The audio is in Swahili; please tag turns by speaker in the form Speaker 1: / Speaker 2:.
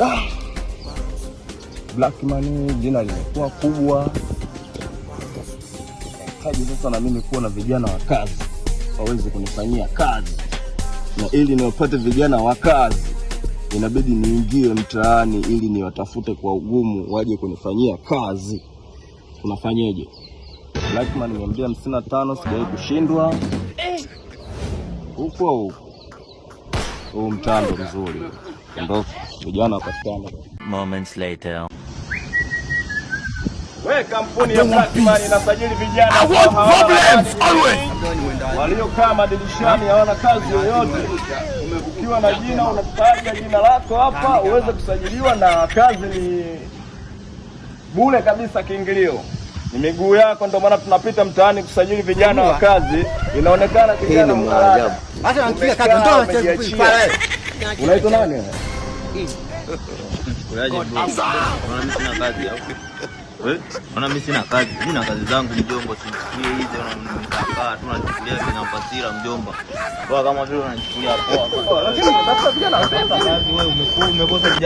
Speaker 1: ah, Black Money jina limekuwa kubwa, nahitaji sasa na mimi kuwa na vijana wa kazi waweze kunifanyia kazi, na ili niwapate vijana wa kazi inabidi niingie mtaani ili niwatafute kwa ugumu waje kunifanyia kazi. Unafanyeje? Blackman, Money mia mbili hamsini na tano sijawahi kushindwa huko eh! huko huu mtando mzuri, ndo vijana wapatikana. Moments later
Speaker 2: We kampuni ya Blackman inasajili vijana waliokaa madirishani hawana kazi yoyote. Umevukiwa na jina, unataja jina lako hapa uweze kusajiliwa, na kazi ni bure kabisa, kiingilio ni miguu yako, ndio maana tunapita mtaani kusajili vijana wa kazi. Inaonekana kijana mwanadamu
Speaker 1: unaitwa nani?
Speaker 3: Ona, eh? mimi sina kazi, mimi na kazi zangu mjomba, sinichukulie hizi. Unanikataa tu, unanichukulia vinapasira mjomba, poa kama vile unachukulia poa, lakini unatafuta vijana. Wewe umekosa